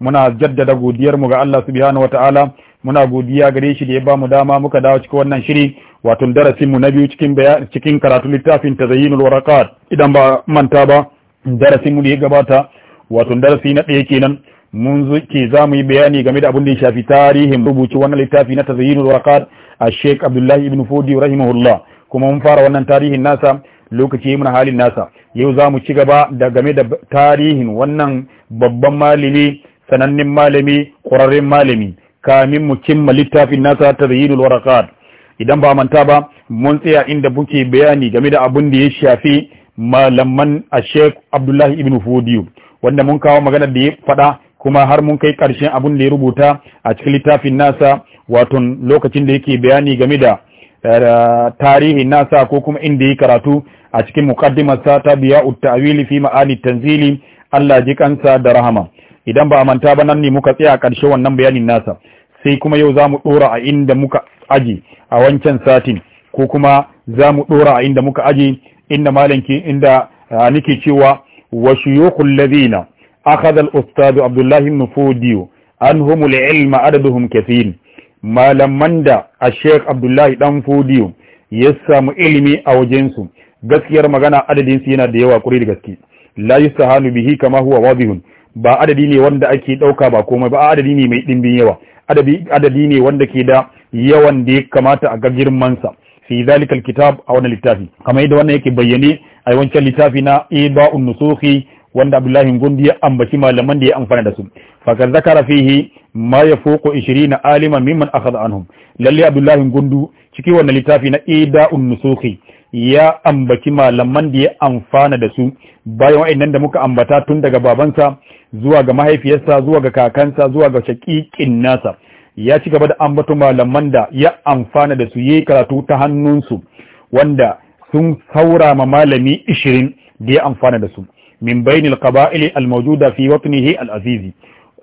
muna jaddada godiyar mu ga Allah subhanahu wataala muna godiya gare shi da ya bamu dama muka dawo cikin wannan shiri wato darasin mu na biyu cikin cikin karatu littafin tazayyinul waraqat idan ba manta ba darasin mu da ya gabata wato darasi na ɗaya kenan mun ke za mu yi bayani game da abin da ya shafi tarihin rubuci wannan littafi na tazayyinul waraqat a Sheikh Abdullahi ibn Fodi rahimahullah kuma mun fara wannan tarihin nasa lokaci muna halin nasa yau za mu ci gaba da game da tarihin wannan babban malami sanannin malami ƙwararren malami kamin mu cimma littafin nasa ta zayinul warakat idan ba manta ba mun tsaya inda muke bayani game da abin da ya shafi malaman a sheik abdullahi ibn fodiyo wanda mun kawo magana da ya faɗa kuma har mun kai ƙarshen abin da ya rubuta a cikin littafin nasa wato lokacin da yake bayani game da eh, tarihin nasa ko kuma inda ya karatu a cikin muqaddimarsa ta biya ut-ta'wili fi ma'ani tanzili Allah ji kansa da rahama idan ba a manta ba nan ne muka tsaya ƙarshe wannan bayanin nasa sai kuma yau za mu ɗora a inda muka aji a wancan satin ko kuma za mu ɗora a inda muka aji inda malanki inda nake cewa wa shuyukhul ladina akhadha al-ustad Abdullah ibn Fudiyo anhum al-ilma adaduhum kathir malaman da a sheikh abdullahi dan fodiyo ya samu ilimi a wajensu gaskiyar magana adadin su yana da yawa kuri da gaske la yusahalu bihi kama huwa wadihun ba adadi ne wanda ake ɗauka ba komai ba adadi ne mai ɗimbin yawa adadi ne wanda ke da yawan da ya kamata a ga girmansa fi zalika alkitab a wannan littafi kamar yadda wannan yake bayyane a wancan littafi na iba unusuhi wanda abdullahi gundi ya ambaci malaman da ya amfana da su fakar zakara fihi ma ya foko 20 aliman mimman akhadha anhum lalle abdullahi gundu cikin wannan littafi na iba nusuhi ya ambaci malaman da ya amfana da su bayan wa'annan da muka ambata tun daga babansa zuwa ga mahaifiyarsa zuwa ga kakansa zuwa ga shakikin nasa ya ci gaba da ambato malaman da ya amfana da su ya yi karatu ta hannunsu wanda sun saura ma malami ishirin da ya amfana da su min bainil qaba'ili al-mawjuda fi watnihi al-azizi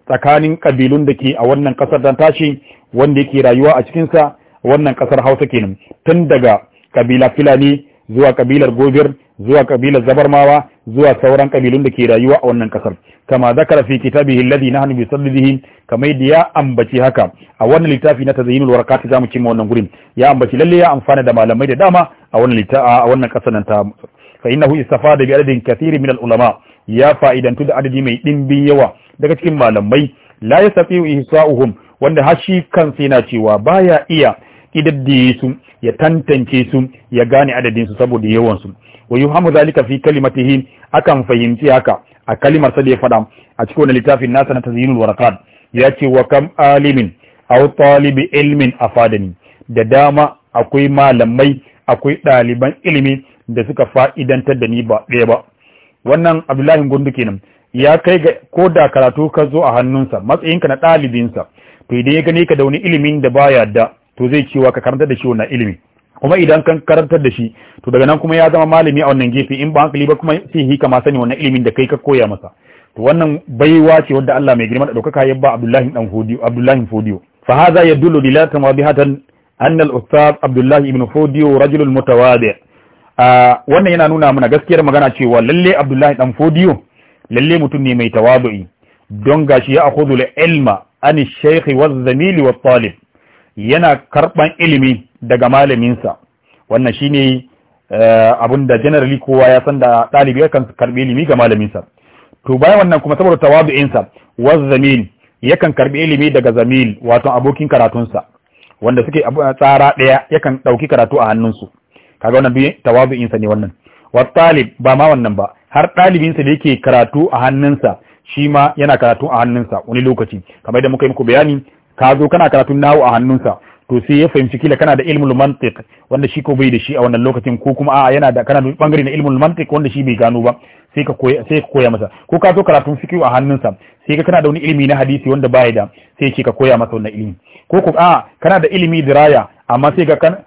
tsakanin ƙabilun da ke a wannan kasar dan tashi wanda yake rayuwa a cikinsa wannan ƙasar Hausa kenan tun daga kabila Fulani zuwa kabilar Gobir zuwa kabilar Zabarmawa zuwa sauran kabilun da ke rayuwa a wannan kasar kama zakara fi kitabihi alladhi nahnu bi saddihi kamar da ya ambaci haka a wannan littafi na tazayyinul warakat zamu cimma wannan gurin ya ambaci lalle ya amfana da malamai da dama a wannan a wannan kasar nan ta fa innahu istafada bi adadin kathiri min ulama ya fa'idantu da adadi mai dimbin yawa daga cikin malamai la yasafiu ihsa'uhum wanda hashi kansa yana cewa baya iya kidaddiye su ya tantance su ya gane adadin su saboda yawan su wa hamu zalika fi kalimatihi akan fahimci haka a kalimar sa da ya faɗa a cikin wani littafin nasa na tazyinul warakat ya ce wa kam alimin aw talibi ilmin afadani da dama akwai malamai akwai ɗaliban ilimi da suka fa'idantar da ni ba ɗaya ba wannan abdullahi gundu kenan ya kai ga ko da karatu ka zo a hannunsa matsayinka na ɗalibinsa to idan ya gani ka da wani ilimin da baya da to zai cewa ka karanta da shi wannan ilimi kuma idan kan karantar da shi to daga nan kuma ya zama malami a wannan gefe in ba hankali ba kuma sai hi kama sani wannan ilimin da kai ka koya masa to wannan baiwa ce wadda Allah mai girma da daukaka ya ba Abdullahi dan Fodio. Abdullahi Fodiyo fa hadha yadullu dilatan wadihatan anna al-ustad Abdullahi ibn Fodio rajulun mutawadi wannan yana nuna mana gaskiyar magana cewa lalle Abdullahi dan Fodio, lalle mutum ne mai tawadu'i don gashi ya akhudhu al-ilma ani ash-shaykh wa az wa talib yana karɓan ilimi daga malaminsa wannan shine eh, abin da generally kowa ya san da ɗalibi yakan karbi ilimi ga malaminsa to bayan wannan kuma saboda tawadu'insa waz zamil yakan karbi ilimi daga zamil wato abokin karatunsa wanda suke tsara ɗaya yakan ɗauki karatu a hannunsu kaga wannan tawadu'insa ne wannan wa talib ba ma wannan ba har ɗalibinsa da yake karatu a hannunsa shi ma yana karatu a hannunsa wani lokaci kamar da muka yi muku bayani ka zo kana karatun nawo a hannunsa to sai ya fahimci kila kana da ilmul mantiq wanda shi ko bai da shi a wannan lokacin ko kuma a yana da kana da bangare na ilmul mantiq wanda shi bai gano ba sai ka koya sai ka koya masa ko ka zo karatun fiqh a hannunsa sai ka kana da wani ilimi na hadisi wanda baya da sai ce ka koya masa wannan ilimi ko ko a kana da ilimi diraya amma sai ka kan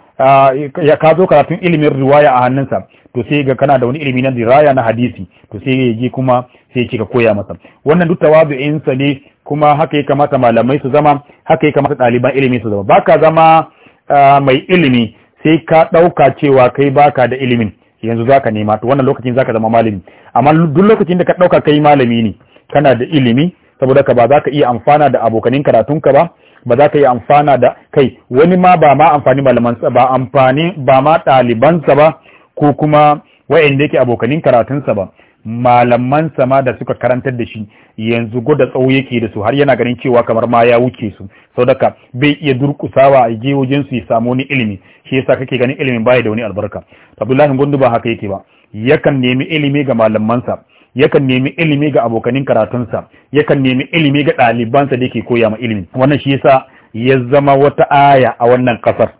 ya ka zo karatun ilimin riwaya a hannunsa to sai ga kana da wani ilimi na diraya na hadisi to sai ya je kuma sai ce ka koya masa wannan duk tawazu'in sa ne kuma haka ya kamata malamai su zama haka ya kamata ɗaliban ilimi su zama baka zama mai ilimi sai ka ɗauka cewa kai baka da ilimin yanzu za ka nema to wannan lokacin za ka zama malami amma duk lokacin da ka ɗauka kai malami ne kana da ilimi saboda ka ba za ka iya amfana da abokanin karatunka ba ba za ka iya amfana da kai wani ma ba ma amfani malamansa ba amfani ba ma ɗalibansa ba ko kuma wa'anda yake abokanin karatunsa ba malaman sama da suka karantar da shi yanzu gwada tsawo yake da su har yana ganin cewa kamar ma ya wuce su sau daga bai iya durkusawa a je wajen su ya samu wani ilimi shi yasa kake ganin ilimin baya da wani albarka abdullahi gundu ba haka yake ba yakan nemi ilimi ga malamansa yakan nemi ilimi ga abokanin karatunsa yakan nemi ilimi ga ɗalibansa da yake koya ma ilimi wannan shi yasa ya zama wata aya a wannan kasar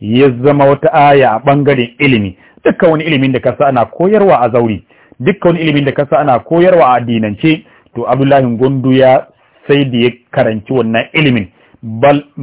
ya zama wata aya a ɓangaren ilimi dukkan wani ilimin da kasa ana koyarwa a zaure. dukkan ilimin da kasa ana koyarwa a addinance to abdullahi gundu ya sai da ya karanci wannan ilimin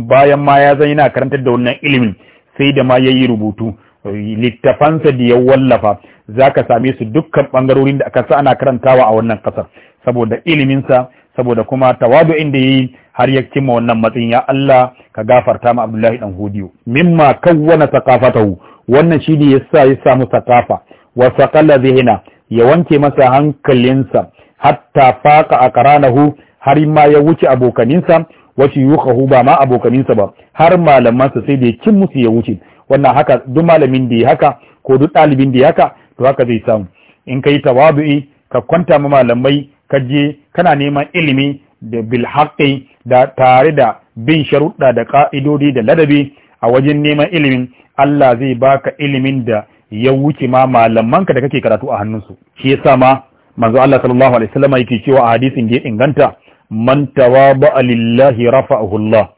bayan ma ya zan yana karantar da wannan ilimin sai da ma ya yi rubutu littafansa da ya wallafa za ka same su dukkan ɓangarorin da aka sa ana karantawa a wannan ƙasar saboda iliminsa saboda kuma tawadu inda ya yi har ya cimma wannan matsayin ya Allah ka gafarta ma Abdullahi dan Hodiyo mimma kawwana saqafatahu wannan shi ne yasa ya samu saqafa wa saqala zihna ya wanke masa hankalinsa hatta faka a karanahu har ma ya wuce abokaninsa yi shuyukhahu ba ma abokaninsa ba har malamansa sai da ya cin musu ya wuce wannan haka duk malamin da ya haka ko duk ɗalibin da ya haka to haka zai samu in kai tawadu'i ka kwanta ma malamai ka je kana neman ilimi da bilhaƙi da tare da bin sharuɗa da ƙa'idodi da ladabi a wajen neman ilimin Allah zai baka ilimin da ya wuce ma malamanka da kake karatu a hannunsu shi yasa ma manzo Allah sallallahu alaihi wasallam yake cewa a hadisin da ya inganta man tawaba lillahi rafa'ahu Allah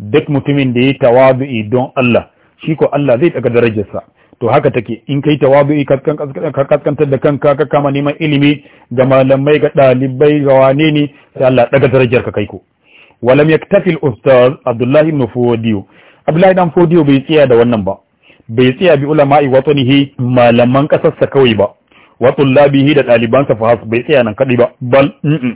duk mutumin da ya tawabi don Allah shi ko Allah zai daga darajarsa to haka take in kai tawabi ka kaskantar da kanka ka kama neman ilimi ga malamai ga dalibai ga wane ne sai Allah daga darajar ka kai ko walam yaktafi al-ustaz Abdullah ibn Fodiyo Abdullah ibn Fodiyo bai tsaya da wannan ba bai tsaya bi ulama'i watanihi malaman kasarsa kawai ba wa tullabihi da ɗalibansa fa bai tsaya nan kaɗai ba bal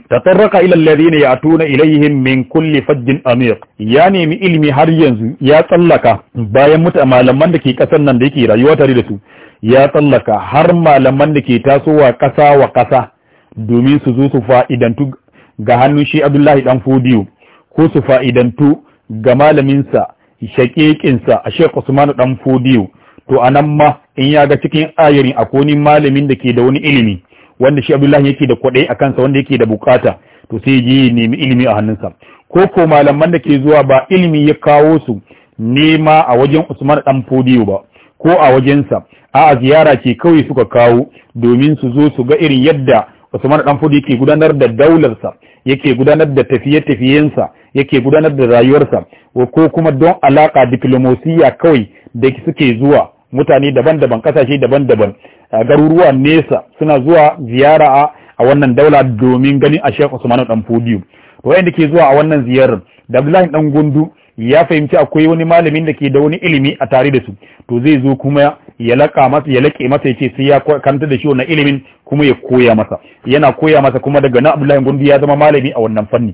tatarraka ila alladhina ya'tuna ilaihim min kulli fajjin amir ya nemi ilimi har yanzu ya tsallaka bayan muta malaman da ke ƙasar nan da yake rayuwa tare da su ya tsallaka har malaman da ke tasowa ƙasa wa ƙasa domin su zo su fa'idantu ga hannun shi Abdullahi dan fudiyo ko su fa'idantu ga malaminsa shaƙeƙinsa a Sheikh Usman Ɗanfodiyo Fodiyo to nan ma in ya ga cikin ayarin akonin malamin da ke da wani ilimi wanda shi Abdullahi yake da kwaɗai a kansa wanda yake da bukata to sai je nemi ilimi a hannunsa ko ko malaman da ke zuwa ba ilimi ya kawo su nema a wajen Usman ɗan Fodiyo ba ko a wajensa a ziyara ce kawai suka kawo domin su zo su ga irin yadda Usman ɗan Fodiyo yake gudanar da daularsa yake gudanar da tafiye-tafiyensa yake gudanar da rayuwarsa ko kuma don alaka diplomasiya kawai da suke zuwa mutane daban-daban kasashe daban-daban garuruwa nesa suna zuwa ziyara a wannan daula domin ganin a shekwa su dan ɗanfodiyo to wayanda ke zuwa a wannan ziyarar da Abdullahi dan Gundu ya fahimci akwai wani malamin da ke da wani ilimi a tare da su to zai zo kuma ya laka masa ya laƙe masa ya ce sai ya kanta da shi wannan ilimin kuma ya koya masa yana koya masa kuma daga na Abdullahi Gundu ya zama malami a wannan fanni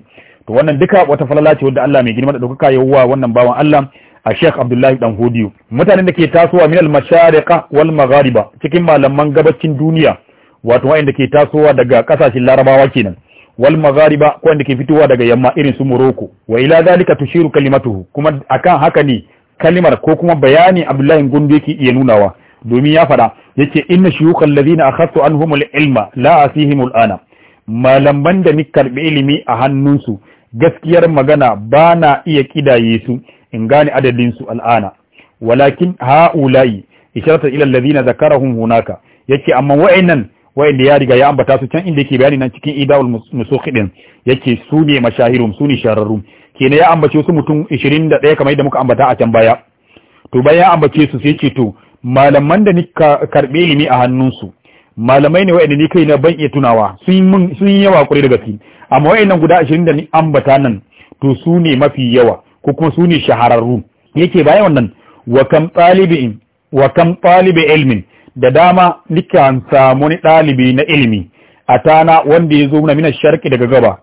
to wannan duka wata falala ce wanda Allah mai girma da ɗaukaka ya wa wannan bawan Allah a Sheikh Abdullahi Dan Hodiyo mutanen da ke tasowa min al-mashariqa wal maghariba cikin malaman gabacin duniya wato wanda ke tasowa daga kasashen Larabawa kenan wal maghariba ko wanda ke fitowa daga yamma irin su Morocco wa ila zalika tushiru kalimatuhu kuma akan haka ne kalimar ko kuma bayani Abdullahi Gundu yake iya nunawa domin ya fada yace inna shuyukhal ladina akhadtu anhumul ilma la asihimul ana malaman da ni karbi ilimi a hannunsu gaskiyar magana ba na iya kidaye su in gane adadinsu su al'ana walakin ha'ula'i isharata ila alladhina zakara hunaka yake amma wa'in da ya riga ya ambata su can inda yake bayani nan cikin idawul kiɗin, ya yake su ne mashahirun su ne shararrun. Kena ya ambace su mutum 21 kamar yadda muka ambata a can baya to bayan ya ambace su sai ce to malaman da ni karɓe ilimi a hannunsu malamai ne wa'anda ni kai na ban iya tunawa sun yi yawa kwarai da gaske amma nan guda ashirin da ni ambata nan to su ne mafi yawa ko kuma su ne shahararru yake bayan wannan wa kam talibin wa ilmin da dama nikan samu ni dalibi na ilimi a tana wanda ya zo mana mina sharki daga gaba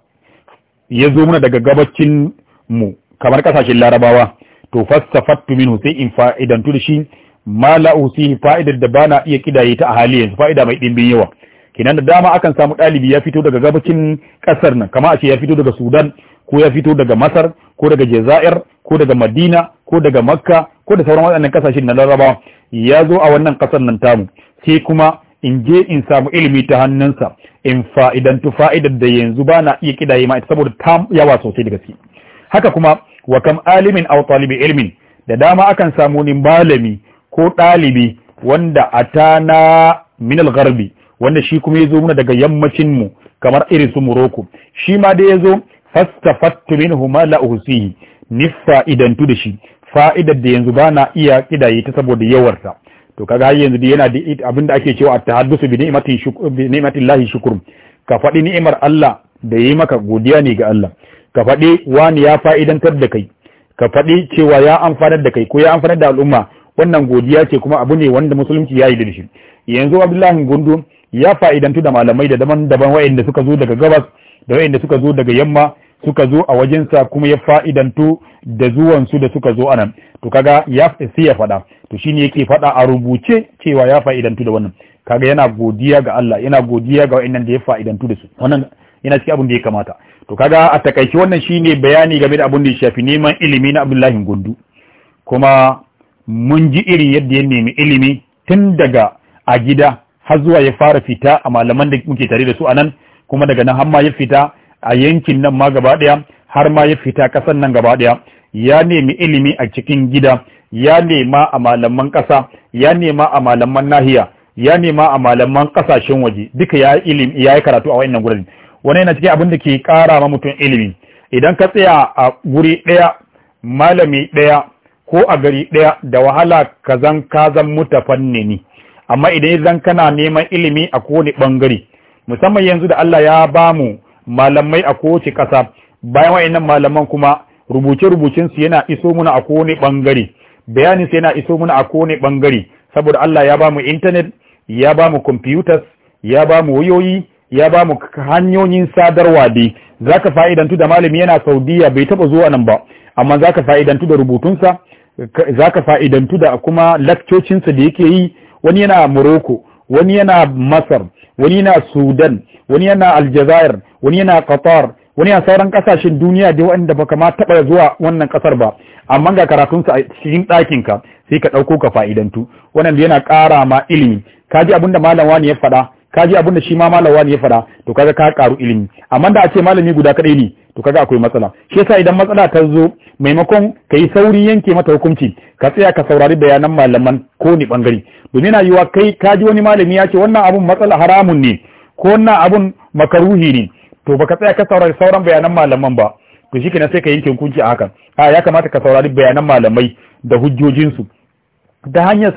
ya zo mana daga gabacin mu kamar kasashen larabawa to fassafatu minhu sai in fa'idantu da shi ma la'usi fa'idar da bana iya kidaye ta a hali yanzu fa'ida mai dimbin yawa kenan da dama akan samu ɗalibi ya fito daga gabacin ƙasar nan kama a ce ya fito daga sudan ko ya fito daga masar ko daga jazair ko daga madina ko daga makka ko da sauran waɗannan ƙasashen na laraba ya zo a wannan ƙasar nan tamu sai kuma in je in samu ilimi ta hannunsa in fa'idantu fa'idar da yanzu ba na iya kidaye ma ita saboda ta yawa sosai da gaske haka kuma wa kam alimin aw talibi ilmin da dama akan samu ni malami ko ɗalibi wanda atana min al-gharbi wanda shi kuma ya zo muna daga yammacin mu kamar irin su Morocco shi ma da ya zo fastafattu minhu ma la uhsihi ni fa'idantu da shi fa'idar da yanzu bana iya kidaye ta saboda yawarsa to kaga yanzu yana da abinda ake cewa at-tahaddusu bi ni'matin shukr bi shukr ka faɗi ni'imar Allah da yi maka godiya ne ga Allah ka faɗi wani ya fa'idantar da kai ka faɗi cewa ya amfanar da kai ko ya amfanar da al'umma wannan godiya ce kuma abu ne wanda musulunci ya yi da shi yanzu abdullahi gundu ya fa'idantu da malamai da daban-daban wa'inda suka zo daga gabas da wa'inda suka zo daga yamma suka zo a wajensa kuma ya fa'idantu da zuwansu da suka zo anan to kaga ya sai ya faɗa to shi ne yake faɗa a rubuce cewa ya fa'idantu da wannan kaga yana godiya ga Allah yana godiya ga wayannan da ya fa'idantu da su wannan yana cikin abin da ya kamata to kaga a takaice wannan shine bayani game da abin da ya shafi neman ilimi na Abdullahi Gundu kuma mun ji irin yadda ya nemi ilimi tun daga a gida har zuwa ya fara fita a malaman da muke tare da su anan kuma daga nan har ma ya fita a yankin nan ma gaba daya har ma ya fita kasan nan gaba daya ya nemi ilimi a cikin gida ya nema a malaman kasa ya nema a malaman nahiya ya nema a malaman kasashen waje duka ya ilimi ya yi karatu a wayannan gurin wani yana cikin abin da ke ƙara ma mutum ilimi idan ka tsaya a guri ɗaya, malami ɗaya, ko a gari ɗaya, da wahala kazan kazan ni. amma idan zan kana neman ilimi a kowane bangare musamman yanzu da Allah ya ba mu malamai a kowace ƙasa bayan wa'annan malaman kuma rubuce rubucensu yana iso muna a kowane bangare bayanin su yana iso muna a kowane bangare saboda Allah ya ba mu internet ya ba mu computers ya ba mu wayoyi ya ba mu hanyoyin sadarwa dai zaka fa'idantu da malami yana Saudiya bai taba zuwa nan ba amma zaka fa'idantu da rubutunsa zaka fa'idantu da kuma lakcocinsa da yake yi wani yana Morocco wani yana Masar wani yana Sudan wani yana Aljazair wani yana Qatar wani yana sauran kasashen duniya da waɗanda ba kama taɓa zuwa wannan ƙasar ba amma ga karatunsa a cikin ɗakinka sai ka ɗauko ka fa'idantu wannan yana ƙara ma ilimi ka ji abin da malam wani ya faɗa ka ji abin da shi ma malawa ne ya fara to kaga ka karu ilimi amma da a ce malami guda kadai ne to kaga akwai matsala shi yasa idan matsala ta zo maimakon ka yi sauri yanke mata hukunci ka tsaya ka saurari bayanan malaman ko ni bangare domin na yiwa kai ka ji wani malami ya ce wannan abun matsala haramun ne ko wannan abun makaruhi ne to baka tsaya ka saurari sauran bayanan malaman ba to shi kenan sai ka yanke hukunci a hakan a ya kamata ka saurari bayanan malamai da hujjojinsu da hanyar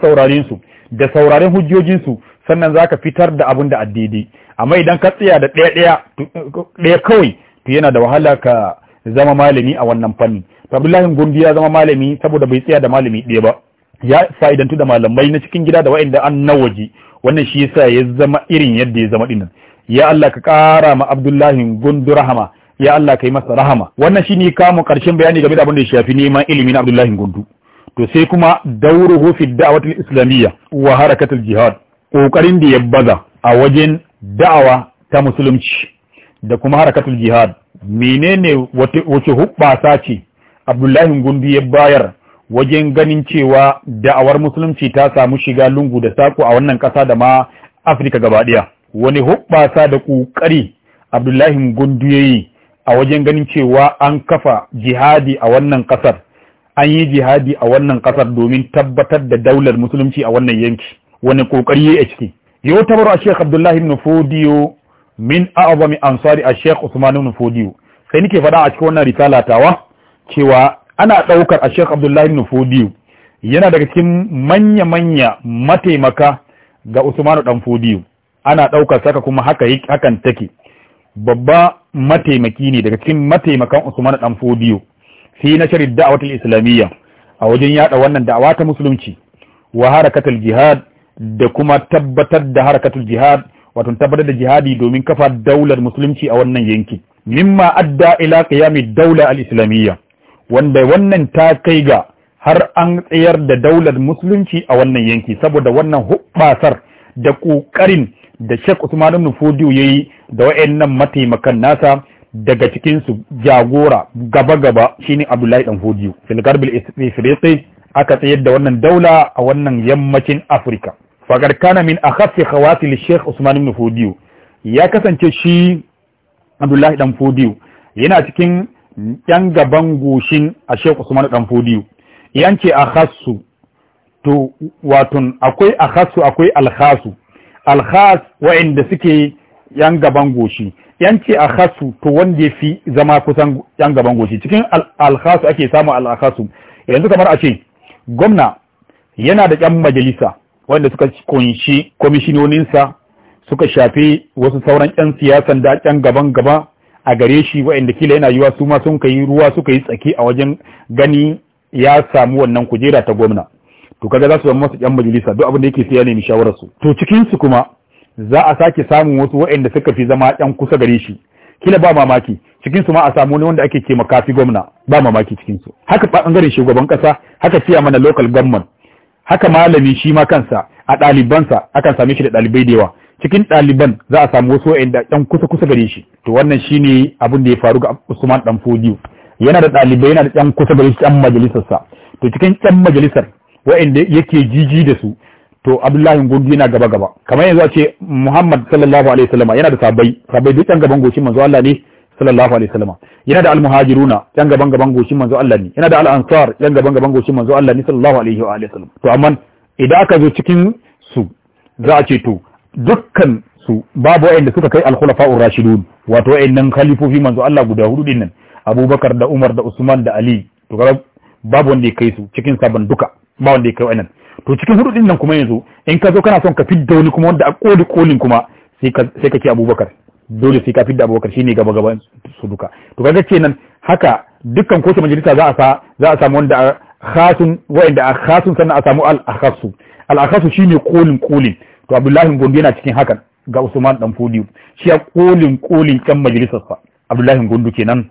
su da sauraren hujjojinsu sannan zaka fitar da abun da addidi amma idan ka tsaya da ɗaya ɗaya ɗaya kawai to yana da wahala ka zama malami a wannan fanni to Abdullahi Gundu ya zama malami saboda bai tsaya da malami ɗaya ba ya fa'idantu da malamai na cikin gida da wa'inda an na waje wannan shi yasa ya zama irin yadda ya zama dinnan ya Allah ka ƙara ma Abdullahi Gundu rahama ya Allah ka yi masa rahama wannan shine kamun karshen bayani game da abin da ya shafi neman ilimi na Abdullahi Gundu. to sai kuma dauruhu fi da'watil islamiyya wa harakatul jihad ƙoƙarin da ya baza a wajen da'awa ta musulunci da kuma harakatul jihad menene wace hubbasa ce abdullahi gundu ya bayar wajen ganin cewa da'awar musulunci ta samu shiga lungu da sako a wannan ƙasa da ma afirka gabaɗaya wani hubbasa da ƙoƙari abdullahi gundu ya yi a wajen ganin cewa an kafa jihadi a wannan ƙasar an yi jihadi a wannan ƙasar domin tabbatar da daular musulunci a wannan yanki wani kokari a ciki yau tabaru a Sheikh Abdullah ibn Fodiyo min a'zami ansari a Sheikh Usman ibn Fodiyo sai nake faɗa a cikin wannan risala tawa cewa ana ɗaukar a Sheikh Abdullah ibn Fodiyo yana daga cikin manya-manya mataimaka ga Usman dan Fodiyo ana ɗaukar saka kuma haka hakan take babba mataimaki ne daga cikin mataimakan Usmanu dan Fodiyo fi a watan islamiyya a wajen yada wannan da'awa ta musulunci wa harakatul jihad da kuma tabbatar da harkatul jihad wato tabbatar da jihadi domin kafa daular musulunci a wannan yanki mimma adda ila qiyami daula al-islamiyya wanda wannan ta kai ga har an tsayar da daular musulunci a wannan yanki saboda wannan hubbasar da kokarin da Sheikh Usman ibn Fodiyo yayi da wayannan mataimakan nasa daga cikin su jagora gaba gaba shine Abdullahi dan Fodiyo fil garbil aka tsayar da wannan daula a wannan yammacin Afirka faƙar kana min a hafi hawati li sheikh usman ibn fudiyu ya kasance shi abdullahi dan fudiyu yana cikin yan gaban goshin a sheikh usman dan fudiyu yance a hassu to watun akwai a hassu akwai alhasu alhas wa'inda suke yan gaban goshi yance a hasu to wanda ya fi zama kusan yan gaban goshi cikin alhasu ake samun alhasu yanzu kamar a ce gwamna yana da yan majalisa wanda suka kunshi kwamishinoninsa suka shafi wasu sauran 'yan siyasan da ƴan gaban gaba a gare shi wa'inda kila yana yiwa su ma sun kai ruwa suka yi tsaki a wajen gani ya samu wannan kujera ta gwamna to kaga za su zama masu 'yan majalisa duk abin da yake siya nemi shawarar su to cikin su kuma za a sake samun wasu wa'inda suka fi zama 'yan kusa gare shi kila ba mamaki cikin su ma a samu ne wanda ake ce makafi gwamna ba mamaki cikin su haka bangaren shugaban kasa haka siya mana local government haka malami shi ma kansa a ɗalibansa akan same shi da ɗalibai da yawa cikin ɗaliban za a samu wasu waɗanda ɗan kusa kusa gare shi to wannan shine abin da ya faru ga Usman dan Fodiyo yana da ɗalibai yana da ɗan kusa gare shi ɗan majalisarsa to cikin ɗan majalisar wa'anda yake jiji da su to Abdullahi Gundu yana gaba gaba kamar yanzu a ce Muhammad sallallahu alaihi wasallam yana da sabai sabai duk ɗan gaban goshin manzo Allah ne sallallahu alaihi wasallam yana da almuhajiruna yan gaban gaban goshin manzo Allah ne yana da al-ansar yan gaban gaban goshin manzo Allah ne sallallahu alaihi wa alihi wasallam to amma idan aka zo cikin su za a ce to dukkan su babu wa'anda suka kai al-khulafa'ur rashidun wato wa'annan khalifofi manzo Allah guda hudu din nan Abubakar da Umar da Usman da Ali to kaga babu wanda ya kai su cikin sabon duka ba wanda ya kai wa'annan to cikin hudu din nan kuma yanzu in ka zo kana son ka fidda wani kuma wanda a koli kolin kuma sai ka sai ka ce Abubakar dole sai ka fidda abubakar shine gaba gaban su duka to kaga kenan haka dukkan kowace majalisa za a sa za a samu wanda khasun wanda a khasun sannan a samu al-akhasu al-akhasu shine kolin kolin to abdullahi gombe yana cikin haka ga usman dan fodiyo shi ya kolin kolin kan majalisar sa abdullahi gondu kenan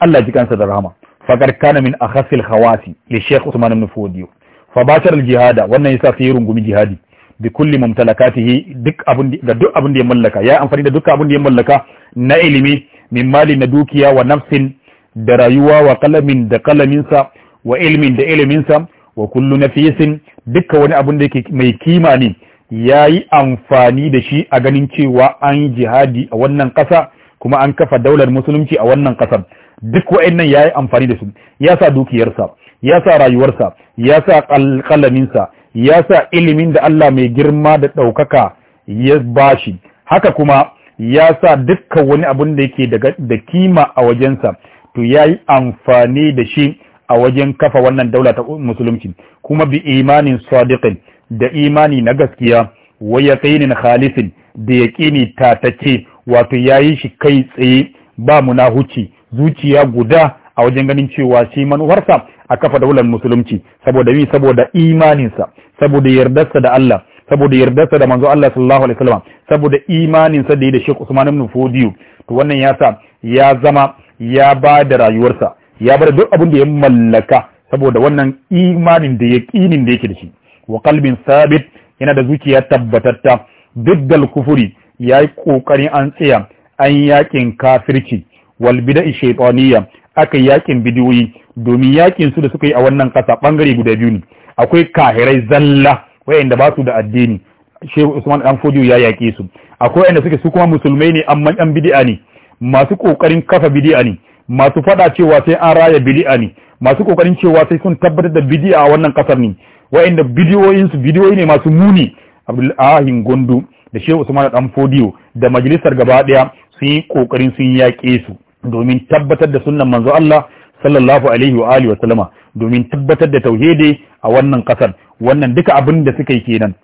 Allah ji kansa da rahama fakar kana min akhasil khawasi li shaykh usman ibn fodiyo fa bashar al-jihada wannan yasa sai rungumi jihadi bi kulli mumtalakatihi duk abin da duk abin da ya mallaka ya amfani da duk abin da ya mallaka na ilimi min mali na dukiya wa nafsin da rayuwa wa kalamin da kalaminsa wa ilmin da iliminsa wa kullu nafisin dukkan wani abin da yake mai kima ne ya yi amfani da shi a ganin cewa an jihadi a wannan ƙasa kuma an kafa daular musulunci a wannan ƙasar duk wa'annan ya yi amfani da su ya sa dukiyarsa ya sa rayuwarsa ya sa kalaminsa ya sa ilimin da Allah mai girma da ɗaukaka ya bashi haka kuma ya sa dukkan wani abin da yake da kima a wajensa to ya yi amfani da shi a wajen kafa wannan daula ta musulunci kuma bi imanin sadiqin da imani na gaskiya waya yaqinin khalisin da yaqini tatacce wato ya yi shi kai tsaye ba munahuci zuciya guda a wajen ganin cewa shi manuwarsa a kafa daular musulunci saboda mi saboda imaninsa saboda yardarsa da Allah saboda yardarsa da manzo Allah sallallahu alaihi wasallam saboda imaninsa da yi da Sheikh Usman ibn fudiyu. to wannan ya sa ya zama ya ba da rayuwarsa ya bar duk abin da ya mallaka saboda wannan imanin da yaqinin da yake da shi wa qalbin sabit yana da zuciya tabbatatta duk da kufuri yayi kokarin an tsaya an yakin kafirci wal bid'a shaytaniyya aka yi yakin bidiyoyi domin yakin su da suka yi a wannan ƙasa ɓangare guda biyu ne akwai kahirai zalla wayanda ba su da addini shehu usman dan fodiyo ya yaƙe su akwai wayanda suke su kuma musulmai ne amma ɗan bidi'a ne masu ƙoƙarin kafa bidi'a ne masu faɗa cewa sai an raya bidi'a ne masu ƙoƙarin cewa sai sun tabbatar da bidi'a a wannan ƙasar ne wayanda bidiyoyin su bidiyoyi ne masu muni abdullahi gondo da shehu usman dan fodiyo da majalisar gaba ɗaya sun yi ƙoƙarin sun yaƙe su domin tabbatar da sunnan manzo Allah sallallahu alaihi wa alihi wa sallama domin tabbatar da tauhidi a wannan kasar wannan duka abin da suka yi kenan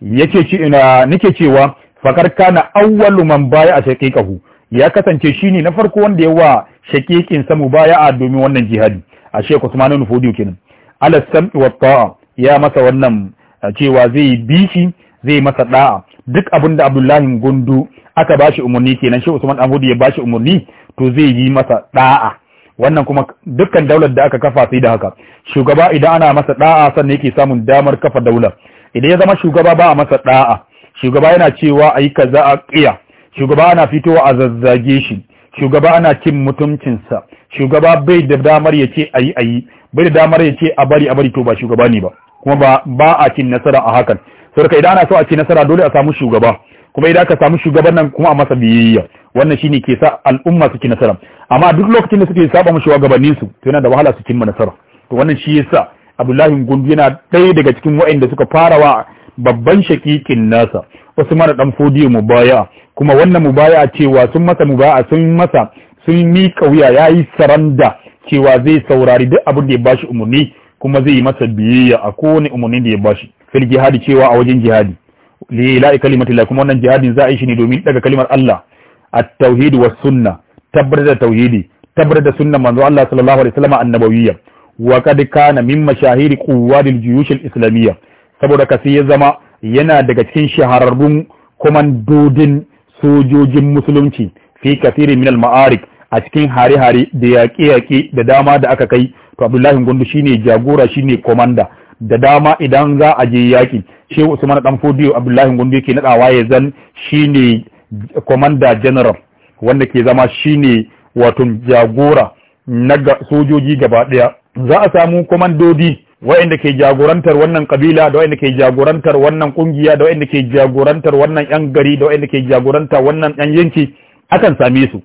yake ce ina nake cewa fakar kana awwalu man baya a shaqiqahu ya kasance shine na farko wanda ya wa shaqiqin sa a domin wannan jihadi a Sheikh Usman ibn Fodiyo kenan ala sam'i wa ta'a ya masa wannan cewa zai bi shi zai masa da'a duk abin da Abdullahi Gundu aka bashi umarni kenan Sheikh Usman Ahmadu ya bashi umarni to zai yi masa da'a wannan kuma dukkan daular da aka kafa sai da haka shugaba idan ana masa da'a sannan yake samun damar kafa daular idan ya zama shugaba ba a masa da'a shugaba yana cewa a yi kaza a kiya shugaba ana fitowa a zazzage shi shugaba ana cin mutuncinsa shugaba bai da damar ya ce a yi a yi. bai da damar ya ce a bari a bari to ba shugaba ne ba kuma ba ba a cin nasara a hakan saboda idan ana so a ci nasara dole a samu shugaba kuma idan aka samu shugaban nan kuma a masa biyayya wannan shi ne ke sa al'umma suke nasara amma duk lokacin da suke saba mu shugabannin su to yana da wahala su cimma nasara to wannan shi yasa Abdullahi Gundu yana ɗaya daga cikin wa'inda suka fara wa babban shakikin nasa Wasu Usman dan Fodiyo mubaya kuma wannan mubaya cewa sun masa mubaya sun masa sun mika wuya yayi saranda cewa zai saurari duk abin da ya bashi umarni kuma zai yi masa biyayya a kowane umarnin da ya bashi fil jihadi cewa a wajen jihadi li la kalimati la kuma wannan jihadin za a yi shi ne domin daga kalimar Allah A ta'uhidi was sunna tabbatar da tauhidi tabbatar da sunnan manzo Allah sallallahu alaihi wasallam annabawiyya wa kad kana min mashahiri quwwadil juyush islamiyya saboda kasi ya zama yana daga cikin shahararrun komandodin sojojin musulunci fi kathiri min al-ma'arik a cikin hare-hare da yaƙe-yaƙe da dama da aka kai to Abdullahi Gondo shine jagora shine komanda da dama idan za a je yaƙi Shehu Usman Dan Fodiyo Abdullahi Gondo ke nadawa ya zan shine Commander general wanda ke zama shine wato jagora na sojoji gaba daya za a samu komandodi wa'inda ke jagorantar wannan kabila da wa'inda ke jagorantar wannan kungiya da wa'inda ke jagorantar wannan yan gari da wa'inda ke jagorantar wannan yan yanki akan same su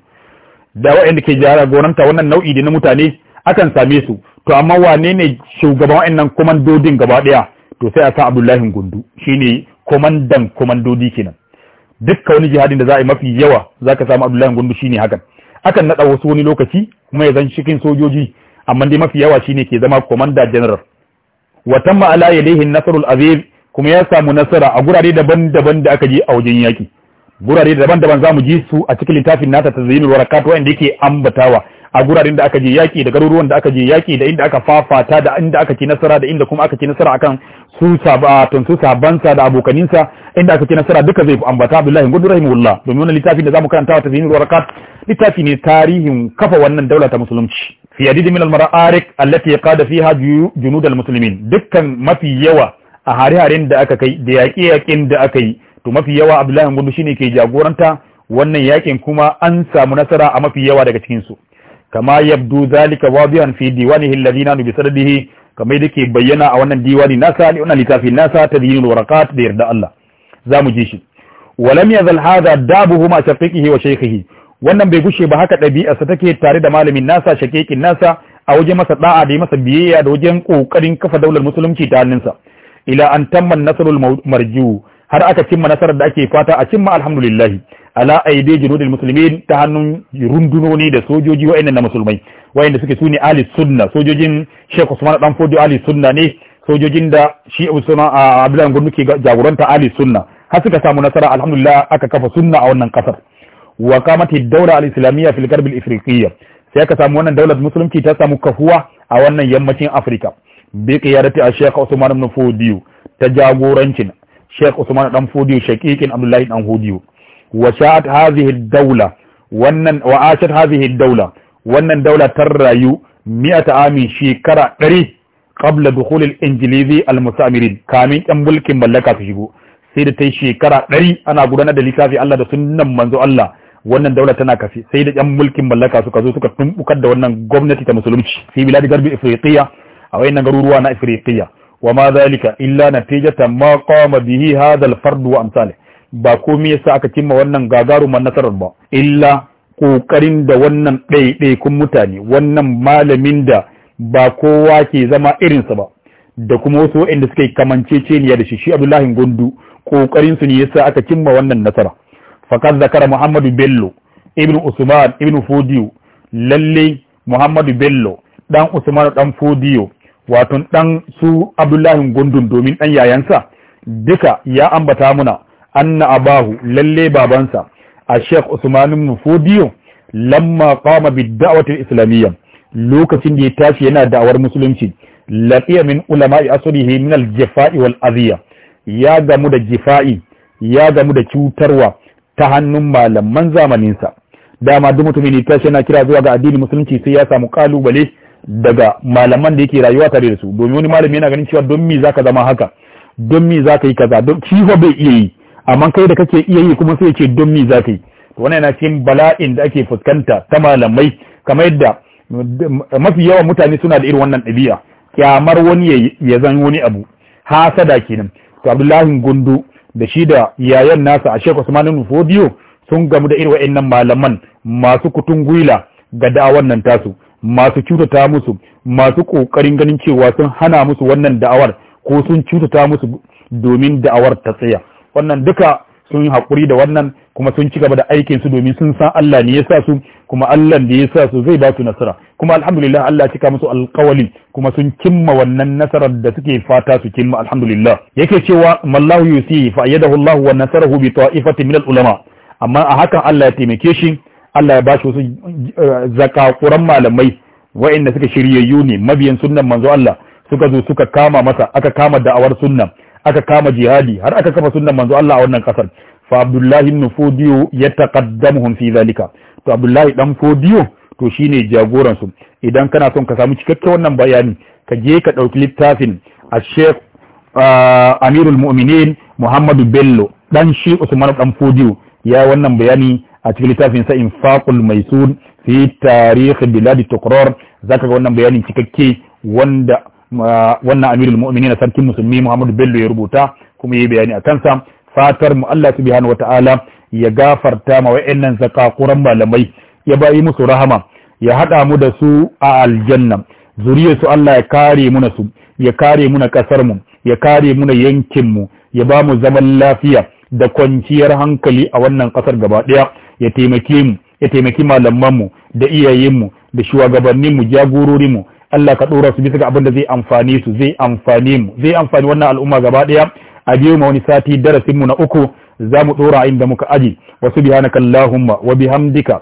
da wa'inda ke jagoranta wannan nau'i da na mutane akan same su to amma wane ne shugaban wa'annan komandodin gaba daya to sai a san Abdullahi Gundu shine komandan komandodi kenan duk wani jihadin da za a yi mafi yawa za ka samu abdullahi gundu shine hakan akan naɗa wasu wani lokaci kuma ya zan cikin sojoji amma dai mafi yawa shine ke zama commander general wa tamma ala an-nasr al azim kuma ya samu nasara a gurare daban-daban da aka je a wajen yaki gurare daban-daban zamu ji su a cikin littafin nata tazyinul warakat wanda yake ambatawa a guraren da aka je yaki da garuruwan da aka je yaki da inda aka fafata da inda aka ci nasara da inda kuma aka ci nasara akan su sabatun su sabansa da abokaninsa inda aka nasara duka zai ambata Abdullahi Gundu rahimahullah domin wannan littafin da zamu karanta ta Zinul Warakat littafi ne tarihin kafa wannan daula ta musulunci fi yadid min al-mara'arik allati qada fiha junud al-muslimin dukkan mafi yawa a hare-haren da aka kai da yaƙe-yaƙen da aka yi to mafi yawa Abdullahi gudu shine ke jagoranta wannan yaƙin kuma an samu nasara a mafi yawa daga cikin su kama yabdu zalika wadihan fi diwanihi alladhina bisadadihi kamar da ke bayyana a wannan diwani nasa wannan littafi nasa ta dinul warakat da yarda Allah za mu ji shi walam yazal hadha dabuhu ma shaqiqihi wa shaykhihi wannan bai gushe ba haka sa take tare da malamin nasa shakikin nasa a wajen masa da'a da masa biyayya da wajen kokarin kafa daular musulunci ta hannunsa ila an tamma nasrul marju har aka cimma nasarar da ake fata a cimma alhamdulillah ala aide junudul muslimin ta hannun rundunoni da sojoji wa'annan na musulmai wa'anda suke sune ahli sunna sojojin Sheikh Usman dan Fodio ahli sunna ne sojojin da shi Usman Abdullahi Gundu ke jagoranta ahli sunna har suka samu nasara alhamdulillah aka kafa sunna a wannan kasar wa kamati daura al-islamiyya fil garb al-afriqiyya sai aka samu wannan daular musulunci ta samu kafuwa a wannan yammacin Afirka bi qiyadati a Sheikh Usman ibn Fodiyo ta jagorancin Sheikh Usman dan Fodiyo shaqiqin Abdullahi dan Fodiyo wa sha'at hadhihi ad wannan wa ashat hadhihi ad-dawla wannan daula tar rayu amin shekara 100 qabla dukhul al-injilizi al musamirin kamin yan mulkin mallaka su shigo sai da ta yi shekara ɗari ana gudanar da lissafi Allah da sunnan manzo Allah wannan daular tana kafi sai da ƴan mulkin mallaka suka zo suka tumbukar da wannan gwamnati ta musulunci fi biladi garbi afriqiya a wayannan garuruwa na afriqiya wa ma zalika illa natijatan ma qama bihi hadha al-fard wa amsalih ba komai yasa aka cimma wannan gagarumar nasarar ba illa kokarin da wannan ɗaiɗaikun mutane wannan malamin da ba kowa ke zama irinsa ba da kuma wasu waɗanda suka yi kamanceceniya da shi shi Abdullahi Gundu kokarin su ne yasa aka cimma wannan nasara faqad zakara muhammadu bello Ibn usman ibnu fodiyo lalle muhammadu bello dan usman dan fodiyo wato dan su abdullahi gundun domin dan yayansa duka ya ambata muna anna abahu lalle babansa a sheikh usman ibn fodiyo lamma qama bid da'wati islamiyya lokacin da ya tashi yana da'awar musulunci laqiya min ulama'i asrihi min al-jafa'i wal adhiya ya gamu da jifa'i ya gamu da cutarwa ta hannun malaman zamaninsa dama duk mutumin ne tashi yana kira zuwa ga addinin musulunci sai ya samu kalubale daga malaman da yake rayuwa tare da su domin wani malami yana ganin cewa don me zaka zama haka don me zaka yi kaza don shi fa bai iya yi amma kai da kake iya yi kuma sai ya ce don me zaka yi to wannan yana cikin bala'in da ake fuskanta ta malamai kamar yadda mafi yawan mutane suna da irin wannan ɗabi'a kyamar wani ya zan wani abu hasada kenan to abdullahi gundu da shi da yayan nasa a shekwa usman ibn fodiyo sun gamu da irin wa'annan malaman masu kutun gwila ga da'awar nan tasu masu cutata musu masu kokarin ganin cewa sun hana musu wannan da'awar ko sun cutata musu domin da'awar ta tsaya wannan duka sun haƙuri da wannan kuma sun ci gaba da aikinsu domin sun san Allah ne ya sa su kuma Allah ne ya sa su zai ba su nasara kuma alhamdulillah Allah cika musu alƙawali kuma sun cimma wannan nasarar da suke fata su cimma alhamdulillah yake cewa mallahu yusi fa ayyadahu Allah wa nasarahu bi ta'ifati min ulama amma a hakan Allah ya taimake shi Allah ya bashi wasu eh, zakakuran malamai wa'inda suka shiryayyu ne mabiyan sunnan manzo Allah suka zo suka kama masa aka kama da'awar sunnan aka kama jihadi har aka kafa sunnan manzo Allah a wannan kasar fa Abdullahi ibn Fodiyo ya taqaddamuhum fi zalika to Abdullahi dan fudiyo. to shine jagoran su idan kana son ka samu cikakken wannan bayani ka je ka dauki littafin a Sheikh ah, Amirul Mu'minin Muhammadu Bello dan shi Usman dan Fodiyo ya wannan bayani a cikin littafin sa Infaqul Maisun fi tarikh bilad Tukrar zaka ga wannan bayanin cikakke wanda ah, wannan Amirul Mu'minin sarkin musulmi Muhammadu Bello ya rubuta kuma yayi bayani a kansa fatar mu Allah subhanahu wataala ya gafarta ma wa'annan zakakuran malamai ya bayi musu rahama ya haɗa mu da su a aljanna su Allah ya kare muna su ya kare na ƙasar mu ya kare na yankin mu ya ba mu zaman lafiya da kwanciyar hankali a wannan ƙasar gaba ya taimake mu ya taimaki malaman mu da iyayen mu da shugabannin mu jagororin mu Allah ka ɗora su bisa ga abin da zai amfane su zai amfane mu zai amfani wannan al'umma gaba a biyo mu wani sati darasin mu na uku za mu ɗora inda muka aji wasu bihanaka Allahumma wa bihamdika